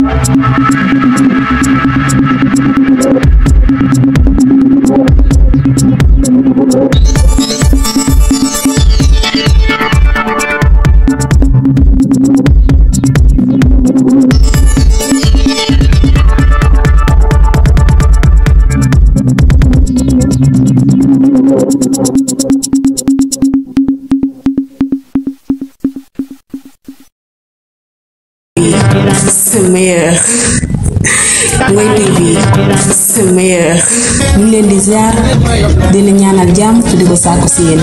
Thank you. dina ñaanal jàmm ci di ko ci yeen yéen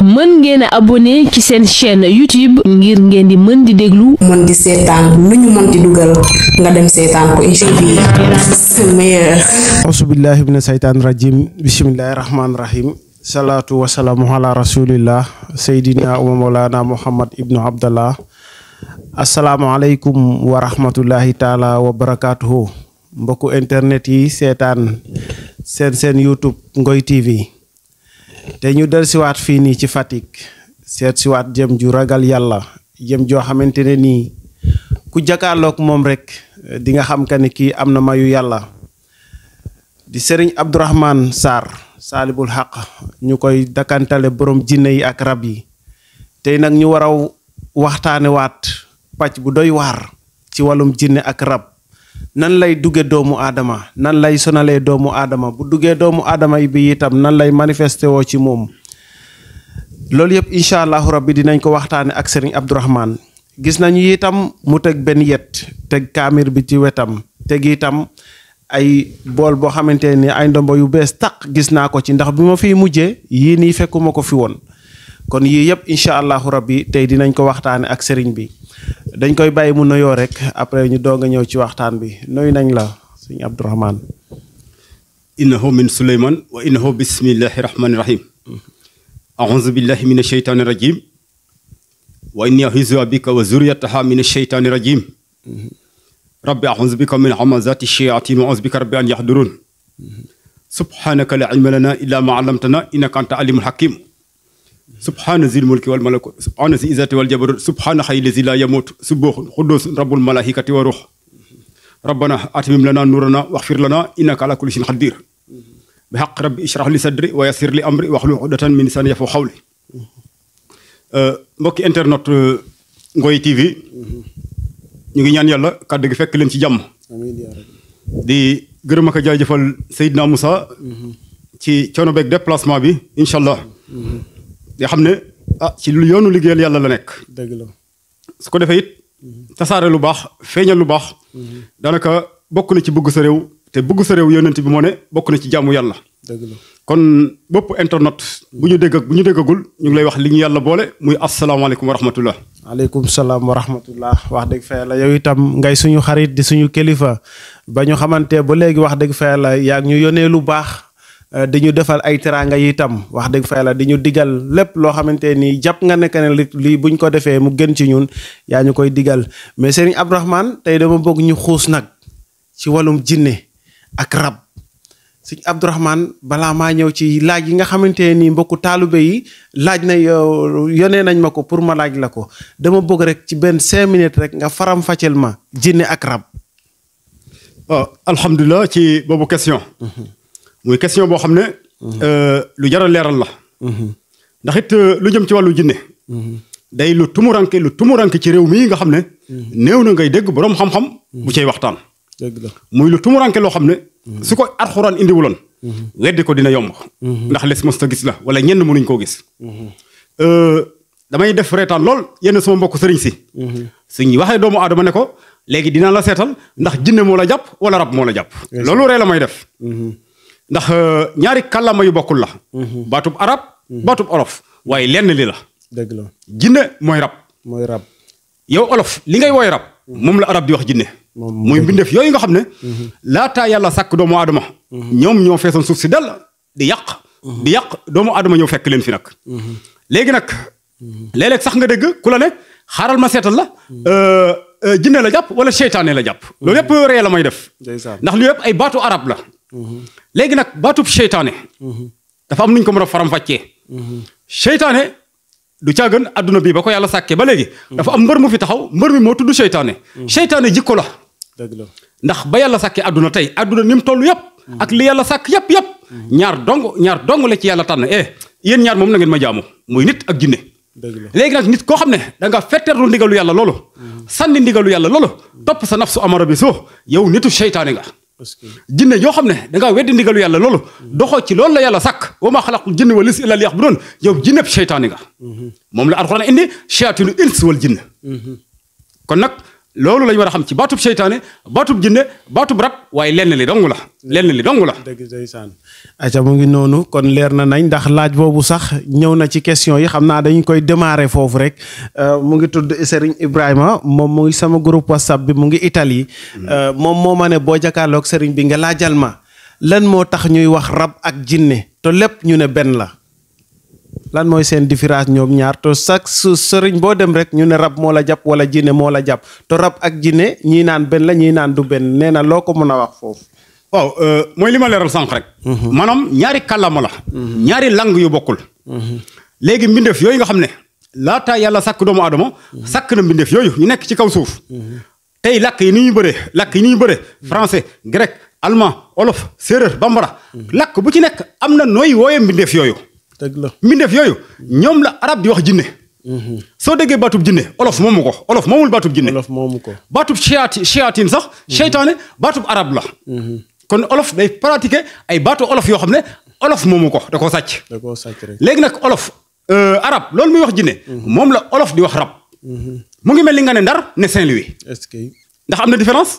mën ngeen abonné ci sen chaîne youtube ngir ngeen di mën di déglu mën di sétan lu ñu mën di duggal nga dem sétan ko inshallah meilleur ausubillahi minash shaytan rajim bismillahir rahmanir rahim salatu wasalamu ala rasulillah sayidina wa maulana muhammad ibnu abdallah alaikum wa rahmatullahi taala wa barakatuh mbok internet yi setan sen sen youtube ngoy tv te ñu del wat fi ni ci set ci wat jëm ju ragal yalla jëm jo xamantene ni ku jakarlok mom rek di nga xam kan ki amna am mayu yalla di serigne Abdourahmane Sar. saalibul xaq ñu koy dakantale borom jinne yi ak rab yi tey nag ñu war a waxtaane waat pàcc bu doy waar ci wàllum jinne ak rab nan lay duggee doomu aadama nan lay sonalee doomu aadama bu duggee doomu aadama yi bi itam nan lay manifesté woo ci moom loolu yëpp incha allahu bi dinañ ko waxtaane ak sëriñ Abdourahman gis nañu itam mu teg benn yet teg kaamir bi ci wetam teg itam ay bol bo xamanteni ay ndombo yu bes tak gis na ko ci ndax bima fi mujjé yi ni nii fekkuma ko fi won kon yi yeb inshallah rabbi tay dinañ ko waxtane ak sëriñ bi dañ koy baye mu noyo rek après ñu doga ñëw ci waxtaan bi noy nañ la sëñ abdourahman innahu min suleyman wa innahu bismillahi rahmani rahim aouzu billahi min asheytaani rajim wa inni ahizuha bika wa zuriyataha min asheytaani rajim ربي أعوذ بك من عمزات الشياطين وأعوذ بك ربي أن يحضرون سبحانك لا علم لنا إلا ما علمتنا إنك أنت العليم الحكيم سبحان ذي الملك والملك سبحان ذي العزة والجبر سبحان حي الذي لا يموت سبوح قدوس رب الملائكة والروح ربنا أتمم لنا نورنا واغفر لنا إنك على كل شيء قدير بحق ربي اشرح لي صدري ويسر لي أمري واحلل عقدة من لساني يفقهوا قولي أه، انترنت أه، غوي تي في ñu ngi ñaan yàlla kàddu gi fekk leen ci jàmm. di gërëm ak a jaajëfal Seydina musa ci coono beeg déplacement bi incha allah. di xam ne ah ci lu yoonu liggéeyal yàlla la nekk. dëgg la su ko defee it tasaare lu baax feeñal lu baax. daanaka bokk na ci bëgg sa réew te bëgg sa réew yonent bi moo ne bokk na ci jàmm yàlla. dëgg kon bopp internet. bu ñu dégg bu ñu déggagul ñu ngi lay wax li ñu yàlla boole muy asalaamaaleykum wa rahmatullah. aleykum salaam wa wax dëgg fa yàlla yow itam ngay suñu xarit di suñu kilifa ba ñu xamante ba léegi wax dëgg fa yàlla yaa ñu yónnee lu baax eh, di ñu defal ay teraanga yi itam wax dëgg fa yàlla di ñu digal lépp loo xamante nii jàpp nga nekk ne lii buñ ko defee mu gën ci ñun yaa ñu koy digal mais Serigne Abdourahmane tey dama bëgg ñu xuus nag ci wàllum jinne ak rab sëñ Abdourahmane balaa maa ñëw ci laaj yi nga xamante nii mbokk taalibe yi laaj na yonee nañ ma ko pour ma laaj la ko dama bëgg rek ci benn cinq minutes rek nga faram fàcceel ma jinne ak rab. waaw ah, ci boobu question. Mm-hmm. muy question boo xam ne. Mm-hmm. Euh, lu jar a leeral la. Mm-hmm. ndax it euh, lu jëm ci wàllu jinne day lu tumuranke lu tumuranke ci réew mii nga xam ne. new na ngay dégg boroom xam-xam. bu cay waxtaan. dëgg la muy lu tumuranke loo xam ne. su ko alxuraan indiwuloon weddi ko dina yomb mhm. ndax les mos ta gis la wala ñenn mënuñ koo gis euh, damay def reetaan lool yenn suma mbokku sëriñ si mhm. suñ waxee doomu adama ne ko léegi dina la seetal ndax jinne moo la jàpp wala rab moo la jàpp loolu ree la may def mhm. ndax euh, ñaari kàllaama yu bokkul la baatub arab baatub olof waaye lenn li la dëgg la jinne mooy rab mooy rab yow olof li ngay wooy rab mom la arab di wax jinne moy bindef yoy nga xamne la ta yàlla sak do mo adama ñom ñoo feesoon suuf ci dal di yàq di yàq do mo adama ñoo fekk leen fi nak legi nak leleg sax nga dégg ku la ne xaral ma setal la euh jinne la jàpp wala seytaane la jàpp loolu yep ree la may def ndax lu yep ay batu arab la legi nak batu seytaane dafa am nuñ ko mëna faram faccé seytaane du caagan adduna bii ba ko yàlla sàkkee ba léegi. dafa am mbër mu fi taxaw mbër mi moo tudd seytaane. Mm. seytaane jikko la. dëgg ndax ba yàlla sàkkee adduna tey adduna ni mu toll yëpp. Mm. ak li yàlla sàkk yëpp yëpp. Mm. ñaar dong ñaar dong la ci yàlla tànn eh yéen ñaar moom na ngeen ma jaamu muy nit ak jinne léegi nag nit koo xam ne da nga fetteerlu ndigalu yàlla loolu. sànni ndigalu yàlla loolu. topp sa su amara bi soo yow nitu seytaane nga jinne yoo xam ne da ngaa weddi ndigalu yàlla loolu doxoo ci loolu la yàlla sàkk wa maa xalaqul jinne wal ins illa li yaxbuduun yow jinneb seytaane nga mhm. moom la alxuraan indi shayaatiinu ins wal jinn mhm. kon nag loolu la war a xam ci baatub seytaane baatub jinne baatub rab waaye lenn li dong la lenn li dong la. dëgg ndeysaan aca mu ngi noonu kon leer na nañ ndax laaj boobu sax ñëw na ci question yi xam naa dañu koy démarrer foofu rek euh, mu ngi tudd Serigne Ibrahima moom mu ngi sama groupe whatsapp bi mu ngi Italie. Hmm. Euh, moom moo ma ne boo jàkkaarloog Serigne bi nga laajal ma lan moo tax ñuy wax rab ak jinne to lépp ñu ne benn la. lan mooy seen différence ñoom ñaar te chaque sëriñ boo dem rek ñu ne rab moo la jàpp wala jinne moo la jàpp te rab ak jinne ñii naan benn la ñii naan du benn nee na loo ko mën a wax foofu. waaw euh, mooy li ma leeral sànq rek. Mhm. maanaam ñaari kàllaama la. Mhm. ñaari lang yu bokkul. Mhm. léegi mbindeef yooyu nga xam ne laata yàlla sakk doomu aadama sakk na mbindeef yooyu ñu nekk ci kaw suuf. tey lakk yi nu ñu bëree lakk yi ni ñu bëree français grec allemand olof séeréer bambara. làkk bu ci nekk am na nooy wooyee mbindeef yooyu. dëgg la mbindeef yooyu ñoom la arab di wax jinne mhm. soo déggee baatub jinne olof moomu ko olof moomul baatub jinne olof moomu ko baatub chiaati chiaatine sax cheytaane mhm. baatub arab la mhm. kon olof day pratiquer ay baatu olof yoo xam ne olof moomu ko da koo sàcc da koo léegi nag olof euh, arab loolu muy wax jinne moom la olof di wax rab mu ngi mel ni nga ne ndar ne Saint-Louis que ndax am na différence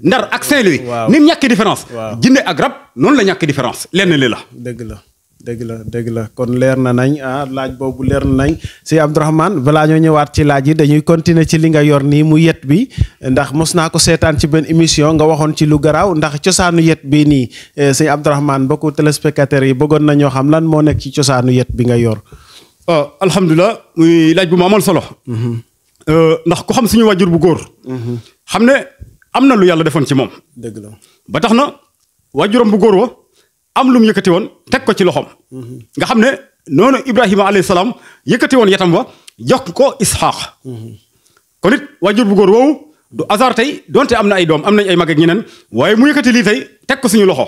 ndar ak Saint-Louis ni mu ñàkkee différence jinne ak rab noonu la ñàkkee différence lenn li la dëgg la dëgg la dëgg la kon leer na nañ ah laaj boobu leer na nañ si Abdourahmane balaa ñoo ñëwaat ci laaj yi dañuy continuer ci li nga yor nii mu yet bi ndax mos naa ko seetaan ci benn émission nga waxoon ci lu garaaw ndax cosaanu yet bi nii eh, si Abdourahmane mbokku téléspectateurs yi bëggoon na ñoo xam lan moo nekk ci cosaanu yet bi nga yor. waaw ah, alhamdulilah muy laaj bu mu amal solo. Mhm. Eh, ndax ku xam suñu wàjjur bu góor. Mhm. xam ne am na lu yàlla defoon ci moom. dëgg la ba tax na wàjjuram am lu mu yëkkati woon teg ko ci loxom nga xamne ne ibrahim alayhi salam yëkëti won yatam ba jox ko ishaq kon it waajur bu gor wo du azar tay donte amna ay dom amna ay mag ak ñeneen waye mu yëkëti li tay tek ko suñu loxo.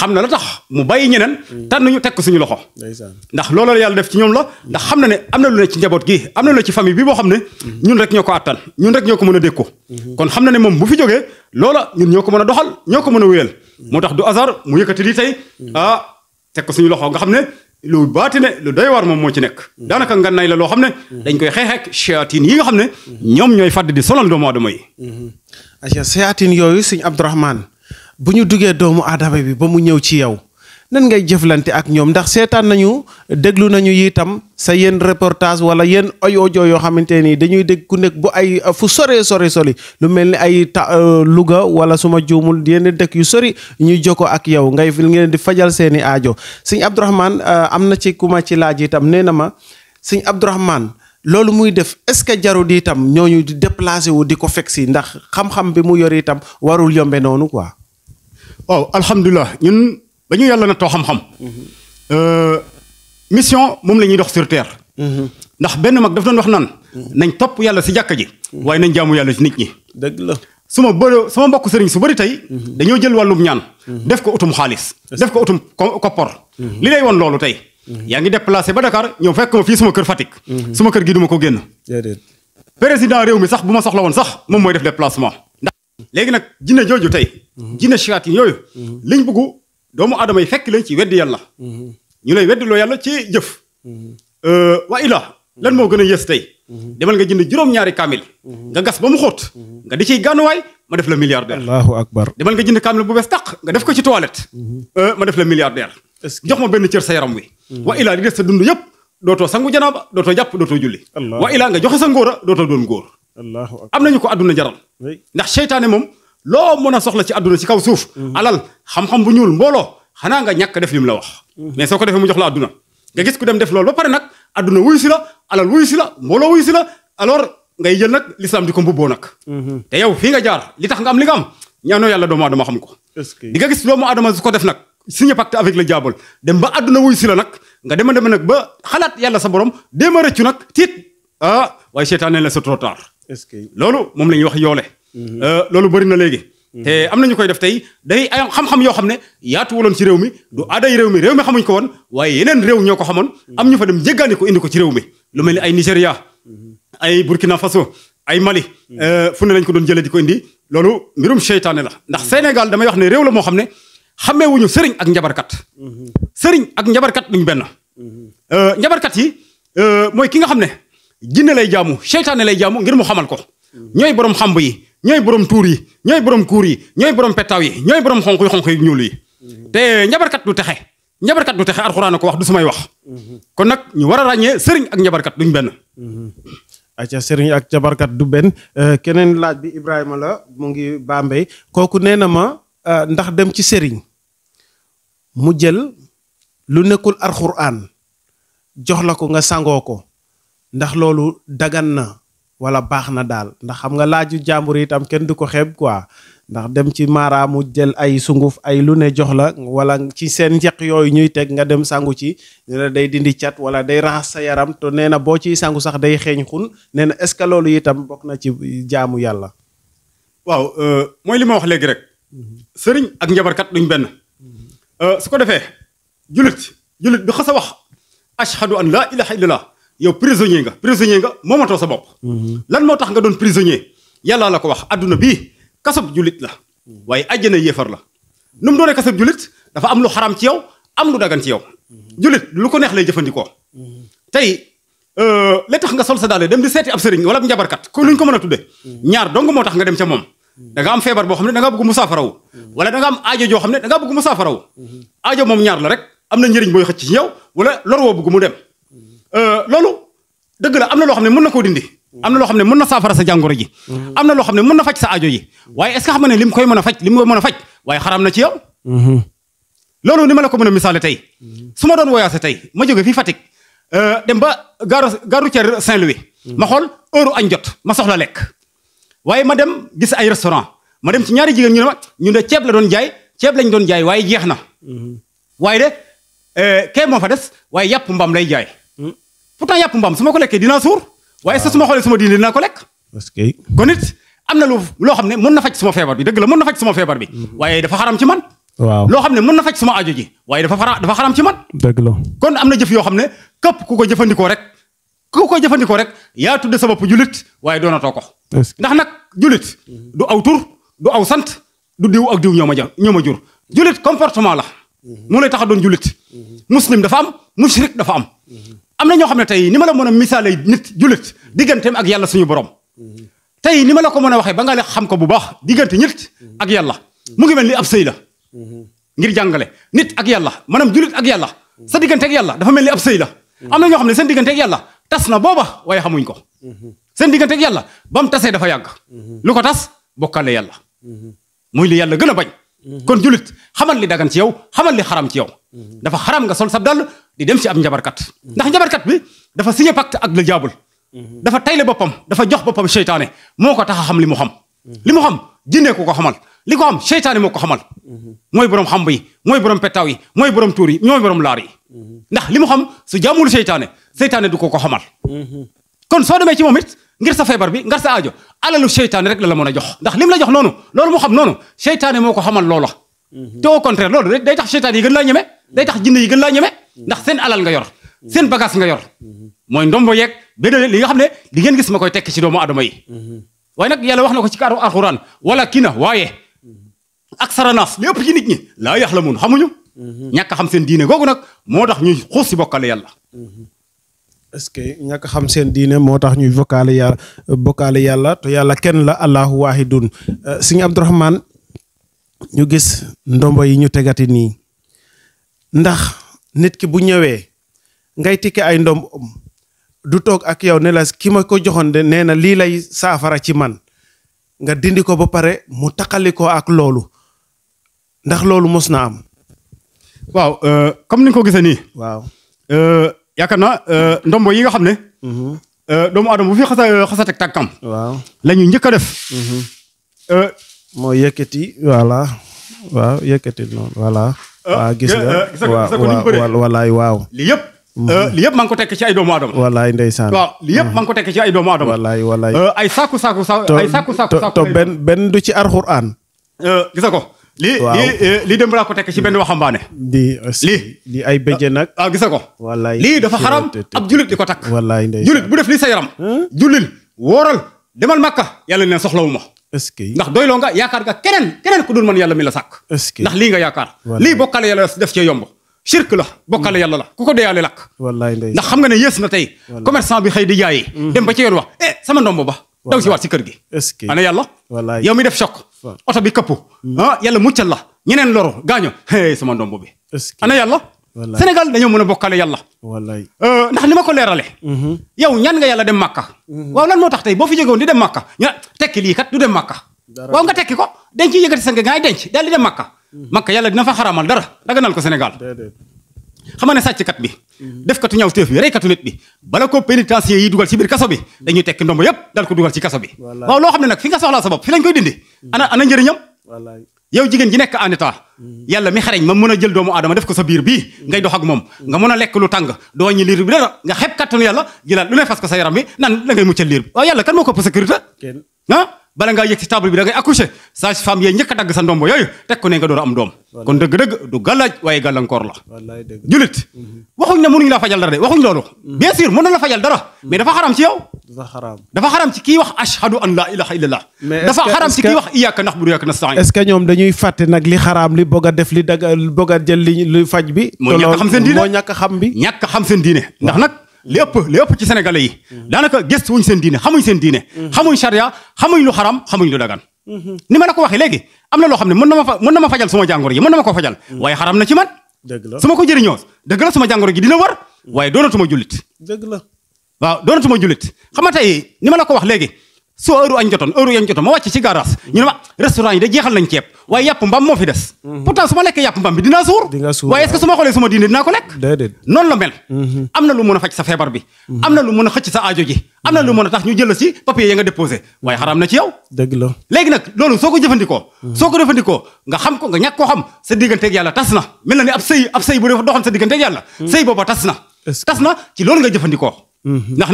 xamna la tax mu bàyyi ñeneen. tan ñu tek ko suñu loxo. ndax loolu la yàlla def ci ñom la. ndax xamna ne amna lu ne ci njabot gi amna lu ci famille bi bo xamne ñun rek ñoko ko ñun rek ñoko mëna mën kon xamna ne mom bu fi jógee loolu ñun ñoko mëna doxal ñoko mëna wëyel moo tax du hasard mu yëkkati lii tey mm. ah teg ko loxo nga xam ne lu baati ne lu day war moom moo ci nekk mm. daanaka ngannaay la loo xam ne mm. dañ koy xeexeek shayatin yi nga xam ne ñoom ñooy fadd di sonal doomu aadama yi mm-hmm. aca shayatin yooyu sëñ Abdourahmane bu ñu duggee doomu aadama bi ba mu ñëw ci yow nan ngay jëflante ak ñoom ndax seetaan nañu déglu nañu itam sa yenn reportage wala yenn audio yoo xamante nii dañuy dégg ku nekk bu ay uh, fu sore sore sori lu mel ni ay ta uh, Louga wala suma juumul yenn dëkk yu sori ñuy jokko ak yow ngay fil ngeen di fajal seeni aajo sëñ Abdourahmane uh, am na ci ku ci laaj itam nee na ma sëñ Abdourahmane loolu muy def est-ce que jaru di itam ñooñu di déplacé wu di ko fekk si ndax xam-xam bi mu yor itam warul yombe noonu quoi. waaw oh, dañu yàlla na too xam-xam. Euh, mission moom la ñuy dox sur ndax benn mag daf doon wax nan nañ topp yàlla si jàkka ji. waaye nañ jaamu yàlla si nit ñi. dëgg la su ma bë sama mbokk sëriñ su bëri tey. dañoo jël wàllum ñaan. def ko utum xaalis. def ko utum koppor. li lay woon loolu tey. yaa ngi déplacé ba Dakar ñëw fekk ma fii suma kër Fatick. suma kër gi duma ko génn. président réew mi sax bu ma soxla woon sax moom mooy def déplacement. ndax léegi nag jinne jooju doomu aadama yi fekk leen ci weddi yàlla. Mhm. ñu lay loo yàlla ci jëf. Mhm. Euh, wa illah lan moo gën a yées tey. Mhm. demal nga jënd juróom-ñaari kaamil. nga gas ba mu xóot. nga di ciy gànnuwaay ma def la milliardaire. allahu akbar demal nga jënd kaamil bu bees tàq nga def ko ci toilette. Euh, ma def la milliardaire. jox ma benn cër sa yaram wi. wa illah di des sa dund yëpp dootoo sangu janaaba dootoo jàpp dootoo julli. wa illah nga joxe sa ngóora dootoo doon góor. am nañu ko àdduna jaral. ndax seytaane moom. loo mën a soxla ci àdduna ci kaw suuf. Mhm. alal xam-xam bu ñuul mbooloo xanaa nga ñàkk def lim la wax. Mhm. mais soo ko defee mu jox la àdduna nga gis ku dem def loolu ba pare nag àdduna wuy si la alal wuy si la mbooloo wuy si la alors ngay jël nag l'islam di ko mbubboo nag. Mhm. te yow fii nga jaar li tax nga am li nga am ñaanoo yàlla doomu aadama xam ko. di nga gis doomu aadama su ko def nag signé pacte avec le diable dem si la nag nga dema dema nag ba xalaat yàlla sa borom déema rëccu nag tiit ah waaye seetaan la c'est trop tard. loolu moom la ñuy wax yoole Mhm. Euh, loolu bëri na léegi. Mhm. te am na ñu koy def tey day ay xam-xam yoo xam ne yaatu waloon ci réew mi du aaday réew mi réew mi xamuñ ko woon waaye yeneen réew ñoo ko xamoon. Mhm. am ñu fa dem jéggaani ko indi ko ci réew mi. lu mel ni ay Nigéria. ay Burkina Faso ay Mali. Euh, fu ne lañ ko doon jëlee di indi loolu mbirum seytaane la ndax Sénégal damay wax ne réew la moo xam ne xamee wuñu sëriñ ak njabarkat. sëriñ ak njabarkat duñ benn. Euh, njabarkat yi mooy ki nga xam ne jinne lay jaamu seytaane lay jaamu ngir mu xamal ko. ñooy borom xamb yi. ñoy borom tuur yi ñooy borom nyai yi petawi, borom pettaaw yi ñoy borom xonku yi yi ñuul yi mhm. te njabarkat du texe njabarkat du taxé alcorane ko wax du sumay wax mhm. kon nak ñu wara rañé sëriñ ak kat duñ ben. Mhm. acca sëriñ ak njabarkat du benn euh, keneen laaj bi Ibrahima la mu ngi Bambey koku néna ma euh, ndax dem ci sëriñ mu jël lu nekkul alcorane jox la ko nga sangoo ndax loolu dagan na wala baax na daal ndax xam nga laaju jàmbur yitam kenn du ko xeeb quoi ndax dem ci maaraamu jël ay sunguf ay lu ne jox la wala ci seen njëq yooyu ñuy teg nga dem sangu ci ne la day dindi cat wala day raxas sa yaram te nee na boo ciy sangu sax day xeeñ xun nee na est-ce que loolu itam bokk na ci jaamu yàlla. waaw euh, mooy lima wax léegi rek. sëriñ ak njabarkat duñ benn. Euh, su ko defee. julit julit bi xas a an laa ilaaha illallah yow prisonnier nga prisonnier nga moo moomatoo sa bopp. Mhm. lan moo tax nga doon prisonnier yàllaa la ko wax adduna bii kasab julit la waaye àjjana yéefar la nu mu doonee kasab julit dafa am lu xaram ci yow am lu dagan ci yow. Mhm. julit lu ko neex lay jëfandikoo. Mhm. tey euh, tax nga sol sa daale dem di seeti ab sëriñ wala ab njabarkat ko luñ ko mën a tudde ñaar dong moo tax nga dem ca moom. da nga am feebar boo xam ne da nga bëgg mu saafarawu wala da nga am aajo joo xam ne danga nga bëgg mu saafarawu aajo moom ñaar la rek am na njëriñ booy xëcc ci yow wala lor woo mu dem Euh, loolu dëgg la am na loo xam ne mën na koo dindi. am na xam ne mën na saafara sa jàngoro ji. am na loo xam ne mën na faj sa aajo yi waaye est ce que xam nga ne lim koy mën a faj lim koy mën a faj waaye xaraam na ci yow. Mhm. loolu ni ma la ko mën a misaale tey su ma doon woyaase tey ma jóge fii Fatick euh, dem ba gare gare routière Saint-Louis. ma xool heure añ jot ma soxla lekk. waaye ma dem gis ay restaurant ma dem ci ñaari jigéen ñu ne ma ñu ne ceeb la doon jaay ceeb lañ doon jaay waaye jeex na. Mhm. waaye de euh, kee moo fa des waaye yàpp mbaam lay jaay. pourtant yàpp mbaam su ma ko lekkee dinaa suur. waaye sa su ma xoolee suma diine dinaa ko lekk. parce que am na lu loo xam ne mën na faj suma feebar bi dëgg la mën na faj suma feebar bi. waaye dafa xaram ci man. loo xam ne mën na faj suma aajo ji waaye dafa xaram dafa xaram ci man. dëgg la kon am na jëf yoo xam ne képp ku ko jëfandikoo rek ku ko jëfandikoo rek yaa tudde sa bopp jullit waaye doonatoo ko. ndax nag julit du aw tur du aw sant du diw ak diw ñoo ma ja ñoo ma jur. jullit comportement la. mu lay tax a doon jullit. muslim dafa am mushrik dafa am. amna na ñoo xam ne ni ma la mëna misalé nit julit digganteem ak yàlla suñu borom tay ni ma la ko mëna waxe ba nga xam ko bu baax diggante nit ak yàlla mu ngi melni ab sëy la ngir jàngale nit ak yàlla manam julit ak yàlla sa diggante ak yàlla dafa melni ab sëy la amna na ñoo xam ne ak yàlla tas na booba xamuñ ko sen diggante ak yàlla bam tassé dafa yag lu ko tas bokalé yàlla muy li yàlla gëna bañ kon julit xamal li dagan ci yow xamal li haram ci yow dafa haram nga sol sab di dem ci ab njabarkat ndax njabarkat bi dafa signé pacte ak le diable dafa tayle boppam dafa jox boppam seytaane moo ko tax a xam li mu xam li mu xam jinne ko ko xamal li ko xam seytaane moo ko xamal mooy borom xamb yi mooy borom pettaaw yi mooy borom tuur yi mooy borom laar ndax li mu xam su jaamul seytaane seytaane du ko ko xamal kon soo demee ci moom it ngir sa feebar bi ngir sa aajo alalu seytaane rek la la mën a jox ndax lim la jox noonu loolu moo xam noonu seytaane moo ko xamal loola te au contraire loolu day tax seytaane yi gën laa ñeme day tax jinn yi gën la ñëmé ndax seen alal nga yor seen bagage nga yor mooy ndombo yeeg bédale li nga xamné ne li ngeen gis ma koy tekk ci doomu adama yi way nak yalla wax nako ci kaaru alquran wala kina waye waaye ak saranaas li ci nit ñi laa yax la mun xamuñu ñàkk xam seen diiné gogu nak moo tax ñuy xoss ci bokkale yalla est-ce que xam seen diiné ñuy vocal ya yalla to yalla ken la allah wahidun euh, seigne abdourahman ñu gis ndombo yi ñu tegati ni ndax nit ki bu ñëwee ngay tikki ay ndom du toog ak yow nela la ma ko joxoon de nee na lii lay saafara ci man nga dindi ko ba pare mu taqali ko ak loolu ndax loolu mos na am. waaw euh, comme ni ko gisee nii. waaw euh, yaakaar naa euh, ndombo yi nga xam ne. Mhm. doomu aadama bu fi xasa teg tàkkam. waaw lañu ñuy njëkk a def. Mhm. moo yëkkati voilà. waaw yëkkatil noonu ah, gis nga waaw walaay waaw. lii yëpp. Mm-hmm. Euh, li yëpp maa ngi ko tekk ci ay doomu aadama. walaay ndeysaan. waaw li yëpp maa ngi ko tekk ci ay doomu aadama. Euh, ay saaku saaku saaku ay saaku to benn benn du ci alxuraan. Euh, gis nga ko. li li li dem laa ko tekk ci benn waxambaane. di li ay bëjje nag. ah gis ko. walaay lii dafa xaram ab jullit di ko takk. walaay ndeysaan jullit bu def lii sa yaram. jullil wóoral demal makka yàlla neen soxlawu est ndax doyloo nga yaakaar nga keneen keneen ku dul man yàlla mi la sàkk. est-ce que ndax lii nga yaakaar. lii bokkale yàlla def cee yomb. shirk la bokkale hmm. yàlla la ku ko deyaale lakk. ndax xam nga ne yées na tey. commerçant bi xëy di jaayee. Hmm. dem ba ci yoon wax eh sama ndombo ba. daw si waat si kër gi. ana yàlla. wallaay mi def choc. oto bi këpp. Hmm. ah yàlla muccal la ñeneen loru gaaño hey sama ndombo bi. ana yàlla Sénégal dañoo mën a bokkale yàlla. wallaay euh, ndax ni ma ko leerale mhm. yow ñaan nga yàlla dem Makka. Mhm. waaw lan moo tax tey boo fi jógewoon di dem Makka ñu tekki lii kat du dem Makka. waaw nga tekki ko denc yëkkati sa ngaay denc daal di dem Makka. Mhm. Makka dina fa xaramal dara daganal ko Sénégal. xam nga ne sàcckat bi def katu ñaw teef bi reykatu nit bi bala ko pénitencier yi dugal ci biir kaso bi dañuy tekki ndombo yëpp daal ko dugal ci kaso bi waaw loo xam ne nag fi nga soxlaa sa bopp fi lañ koy dindi ana ana njëriñam yow jigéen ji nekk en état yàlla mi xareñ ma mën a jël doomu aadama def ko sa biir bii ngay dox ak moom nga mën a lekk lu tàng doo wàññi liir bi dara nga xeeb kattanu yàlla jëlaat lu ne fas ko sa yaram bi nan la ngay muccal liir bi waaw yàlla kan moo ko ëpp bala ngaa yëg ci table bi da ngay accoucher sage femme yee njëkk a dagg sa ndombo yooyu teg ko ne nga door am doom kon dëgg-dëgg du gàllaaj waaye gàllankoor la julit mhm. waxuñ ne mënuñu la fajal dara de waxuñ loolu mhm. bien sûr mën na la fajal dara mais dafa xaram ci yow dafa xaram ci kii wax ashhadu an la ilaha illallah dafa xaram ci kii wax iyyaka na'budu wa iyyaka nasta'in est-ce que ñoom dañuy fàtte nag li xaraam li bëgg a def li dagal bëgg jël li faj bi moo ñàkk xam seen diine ñàkk xam bi ñàkk xam seen diine ndax nag li ëpp li ëpp ci sénégalais yi daanaka gëstu wuñ seen diine xamuñ seen diine xamuñ xam xamuñ lu xaram xamuñ lu dagan ni ma la ko waxee léegi am na loo xam ne mën na ma fa mën na ma fajal suma jàngoro yi mën na ma ko fajal waaye xaram na ci man dëgg la su ko jëriñoo dëgg la suma jàngoro gi dina war waaye doonatuma jullit dëgg la waaw doonatuma jullit xam nga tey ni ma la ko wax léegi soo heure añ jotoon heure yañ jotoon ma wàcc ci garage ñu ne ma restaurant yi da jeexal nañ ceeb waaye yàpp mbaam moo fi des mhm. pourtant su ma lekkee yàpp mbaam bi dinaa suur waaye est-ce su ma xoolee suma diine dinaa ko lekk déedéet noonu la mel mhm. am na lu mën a faj sa feebar bi mhm. am na lu mën a xëcc sa aajo ji am na lu mën a tax ñu jël ci papier ya nga déposé waaye xaraam na ci yow dëgg la léegi nag loolu soo ko jëfandikoo soo ko jëfandikoo nga xam ko nga ñàkk koo xam sa digganteeg yàlla tas na mel na ni ab sëy ab sëy bu doxoon sa digganteeg yàlla sëy booba tas na tas na ci loolu nga jëfandikoo ndax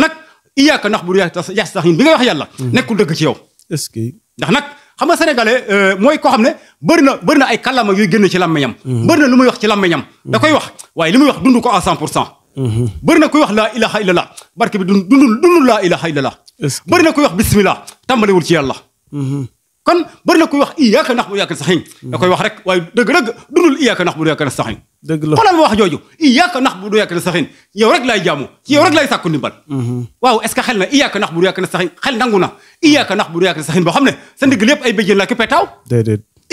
iyaaka nax bu yastahin bi ngay wax yàlla hmm. nekkul dëgg ci yow est-ce que ndax nag xam nga sénégalais euh, mooy koo xam ne bëri na bëri na ay kàllaama yuy génn ci làmmiñam hmm. bëri na lu muy wax ci làmmiñam hmm. da koy wax waaye li muy wax dund ko à cent pour cent bëri na kuy wax laa ilaha illallah barke bi dund dundul dundul laa ilaha illallah bëri na kuy wax bismillah tàmbaliwul ci yàlla kon bëri na kuy wax iyaaka nax bu yaaka saxin mm. da koy wax rek waaye dëgg-dëgg dundul iyaaka nax bu du yaaka na saxin dëgg la xoolal wax jooju iyaaka nax bu du yaaka na saxin yow rek laay jaamu ci yow rek laay sàkku ndimbal mm-hmm. waaw est xel na iyaaka nax bu du yaaka na saxin xel nangu na iyaaka nax bu du yaaka na saxin boo xam ne sa ndigg lépp ay béjjén la ki petaaw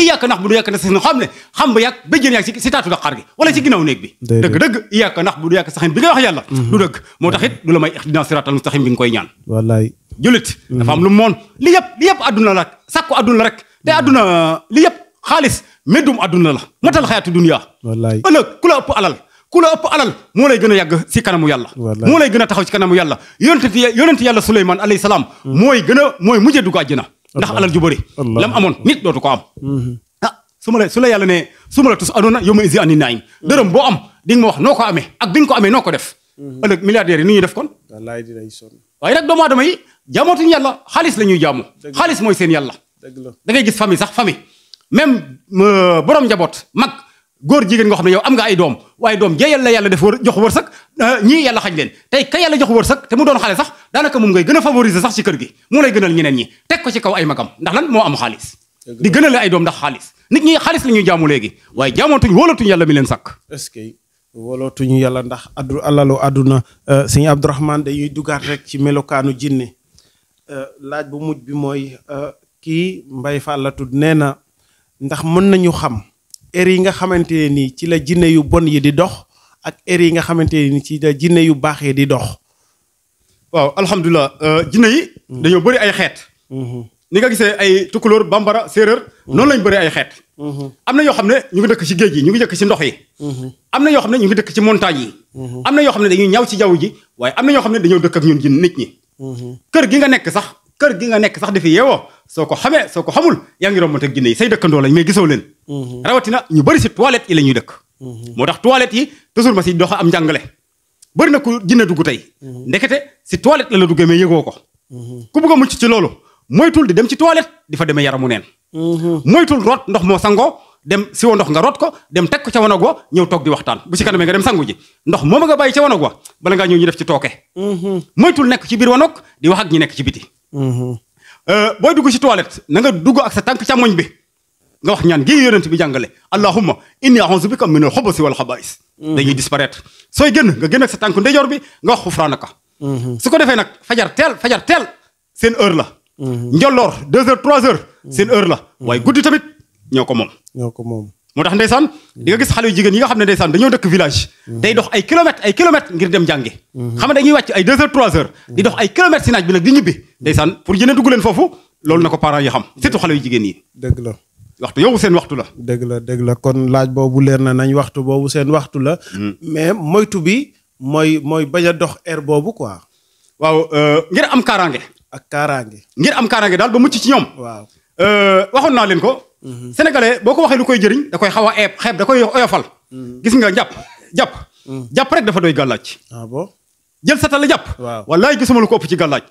iyaaka nax bu du yàkk na saxin xam ne xam ba yàgg béjjéen yàgg si taatu daqaar gi wala ci ginnaaw néeg bi dëgg dëgg iyaaka nax bu du yàkk saxin bi nga mhm. la may ihdina siratal mustaqim bi nga koy ñaan wallaay jullit mhm. dafa am moon li yëpp li yëpp adduna la sàkku adduna la rek te adduna mhm. li yëpp xaalis méddum adduna la matal xayaatu dunia wallaay ëllëg ku la ëpp alal ku a ëpp alal moo lay gën a yàgg si kanamu yàlla moo lay gën a taxaw si kanamu yàlla yonent yàlla Suleymaan alayhi salaam mooy gën a mooy mujjee dugg àjjana ndax alal ju bëri lam amoon nit dootu ko am mm-hmm. ah su ma la su la yàlla ne su ma la tus adoona yow ma isi ani naayim mm-hmm. dërëm boo am di nga wax noo ko amee ak bi nga ko amee noo ko def mm-hmm. ëllëg milliardaires yi nu ñuy def kon wallaay dinañ waaye nag doomu aadama yi jaamootuñu xaalis la ñuy jaamu xaalis mooy seen yàlla da ngay gis famille sax famille même euh, borom njaboot mag góor jigéen nga xam ne yow am nga ay doom waaye doom jeeyal la yàlla def wër jox wërsëg Euh, ñi yalla xañ leen tay ka yalla jox wërsëg te mu doon xalé sax danaka moom ngay gëna favoriser sax ci kër gi mo lay gënal ñeneen ñi tek ko ci kaw ay magam ndax lan mo am xaalis di gënale ay doom ndax xaalis nit ñi xaalis lañu jaamu léegi waaye jaamontuñ wolatuñ yalla mi leen sàkk est-ce que wóolootuñu ndax addu alalu aduna euh, seigne abdourahman day rek ci melokanu jinne euh, laaj bu mujj bi moy ki mbay Fall la ndax mën nañu xam er nga xamanteni ci la jinne yu bon yi di dox ak erreur yi nga xamante ni ci da jinne yu baaxee di dox waaw alhamdulilah euh, jinne yi mm-hmm. dañoo bëri ay xeet mm-hmm. ni nga gisee ay tukulóor bambara séeréer mm-hmm. noonu lañ bëri ay xeet am na yoo xam ne ñu ngi dëkk ci géej gi ñu ngi dëkk ci ndox yi am na yoo xam ne ñu dëkk ci montagne yi am na yoo xam ne dañuy ñaw ci jaww ji waaye am na ñoo xam ne dañoo dëkk ak ñun jin nit ñi kër gi nga nekk sax kër gi nga nekk sax dafi yeewoo soo ko xamee soo ko xamul yaa ngi rombanteeg jinne yi say dëkkandoo lañ mais gisoo leen rawatina ñu bëri si toilette yi la ñuy dëkk Mhm. moo tax toilette yi toujours ma si dox am njàngale bëri na ku jinne dugg tey mhm. ndekete si toilette la la duggee mais yëgoo ko mhm. ku bëgg a mucc ci loolu moytul di dem ci toilette di fa demee yaramu neen moytul root ndox moo sangoo dem si ndox nga root ko dem tekk ko ca wanag wa ñëw toog di waxtaan bu si kanamee nga dem sangu ji ndox moom nga bàyyi ca wanag wa bala ngaa ñëw ñu def ci tooke moytul nekk ci biir wanag di wax ak ñi nekk ci biti euh, booy dugg si toilette na nga dugg ak sa tànk càmmoñ bi nga wax ñaan gi yonent bi jàngale allahumma inni a'udhu bika minal xubusi wal xabaa'is mhm. dañuy disparaître sooy génn nga génn ak sa tànku ndeyjoor bi nga wax xufraanaka mhm. su ko defee nag fajar teel fajar teel seen heure la mhm. njolloor deux heures trois heures seen heure la waaye guddi tamit ñoo ko moom ñoo ko moom moo tax ndeysaan di nga gis xale yu jigéen yi nga xam ne ndeysaan dañoo dëkk village day dox ay kilomètres ay kilomètres ngir dem jàngi xam ne dañuy wàcc ay deux heures trois heures bi nag di ñibbi ndeysaan pour jëne dugg foofu loolu na ko parents yi xam surtout xale yu jigéen la waxtu yow seen waxtu la. dëgg la dëgg la kon laaj boobu leer na nañ waxtu boobu seen waxtu la. Hmm. mais moytu bi mooy mooy bañ a dox air boobu quoi. waaw euh, ngir am kaaraange. ak kaaraange. ngir am kaaraange daal ba mucc ci ñoom. waaw euh, waxoon naa leen ko. Hmm. sénégalais boo ko waxee lu koy jëriñ da koy xaw a eeb xeeb da koy oyofal. Hmm. gis nga jàpp jàpp. jàpp rek dafa doy gàllaaj. ah bon jël sa tala jàpp wallaay gisuma lu ko ëpp ci gàllaaj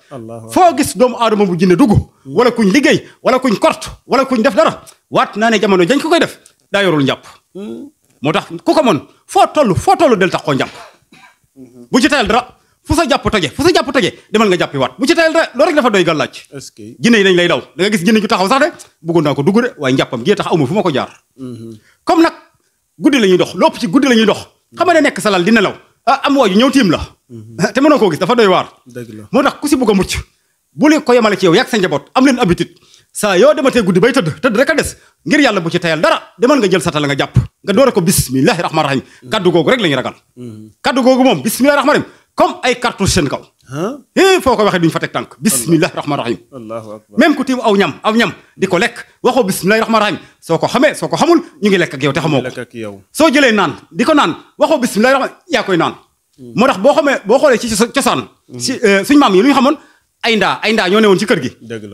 foo gis doomu aadama bu jinne dugg wala kuñ liggéey wala kuñ kort wala kuñ def dara waat naa ne jamono jañ ko koy def daa yorul njàpp hmm. moo tax ku ko mën foo toll foo toll del tax koo njàpp hmm. bu ci tayal dara fu sa jàpp toje jàpp toje demal nga jàppi waat bu ci tayal dara loolu rek dafa doy gàllaaj jinne yi dañ lay daw da nga gis jinne ju taxaw sax de bëggoon naa ko dugg de waaye njàppam gii tax amu fu ma ko jaar hmm. comme nag guddi la ñuy dox lu ëpp ci guddi la ñuy dox xam nga ne nekk sa lal di nelaw Ah, am waaju ñëw tiim la. Mhm. te mënoo koo gis dafa doy waar. dëgg moo tax ku si bëgg a mucc bu leen ko yemale ci yow yàgg sa njaboot am leen habitude saa yoo dematee guddi bay tëdd tëdd rek a des ngir yàlla bu ci tayal dara demal nga jël satal nga jàpp nga door a ko bismillahi rahmaani rahim. Mhm. kaddu googu rek la ñu ragal. Mhm. kaddu googu moom bismillahi rahmaani rahim comme ay cartouche seen kaw. hé eh, foo ko waxee duñ fa teg tànk bisimilah rahmaan rahim même ku tiim aw ñam aw ñam di ko lekk waxoo bisimilah rahmaan rahim soo ko xamee soo ko xamul ñu ngi lekk ak yow te xamoo ko soo jëlee naan di ko naan waxoo bisimilah rahmaan yaa koy naan hmm. moo tax boo xamee boo xoolee ci cosaan hmm. si euh, suñ maam yi lu ñu xamoon ay ndaa ay ndaa ñoo ne ci kër gi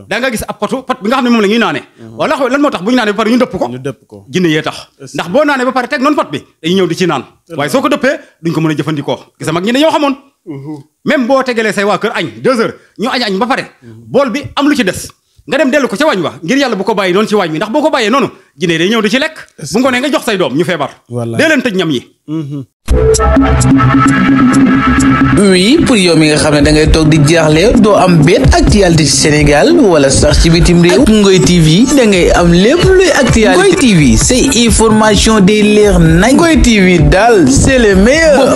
da nga gis ab potu pot bi nga xam ne moom la ñuy naanee hmm. wala lan moo tax bu ñu naanee ba pare ñu dëpp ko jinne yee tax ndax boo naanee ba pare teg noonu pot bi dañuy ñëw di ci naan waaye soo ko dëppee duñ ko mën a jëfandikoo gis mag ñi dañoo xamoon même boo tegalee say waa kër añ deux ñu añ añ ba pare bool bi am lu ci des nga dem dellu ko ca waañ wa ngir yàlla bu ko bàyyi noonu ci waañ wi ndax boo ko bàyyee noonu jinne day ñëw di ci lekk bu ngoonee nga jox say doom ñu feebar dee leen tëj ñam yi oui pour yow mi nga xam ne dangay toog di jaaxle doo am benn actualité ci Sénégal wala sax ci bitim réew ak Ngoy TV da ngay am lépp luy actualité Ngoy TV say information day leer nag Ngoy TV daal c'est le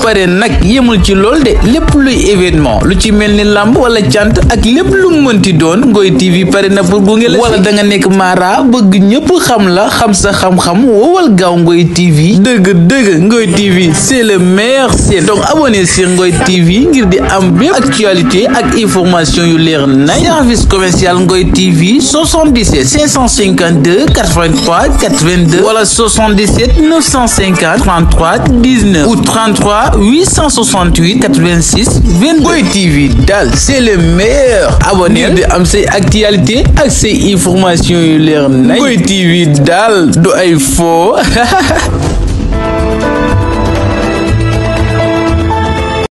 pare nag yemul ci lool de lépp luy événement lu ci mel ni làmb wala cant ak lépp lu mënti doon Ngoy TV pare na pour gunge la wala danga nekk mara bëgg ñëpp xam la xam sa xam-xam wowal gaaw Ngoy TV dëgg dëgg Ngoy TV c'est le meilleur c'est donc abonné sur Ngoi TV ngir di am actualité ak information yu leer service commercial Ngoy TV 77 552 83 82 Voilà, 77 950 33 19 ou 33 868 86 22 Ngoi TV Dal c'est le meilleur abonné di am say actualité ak information yu leer TV Dal du ay faux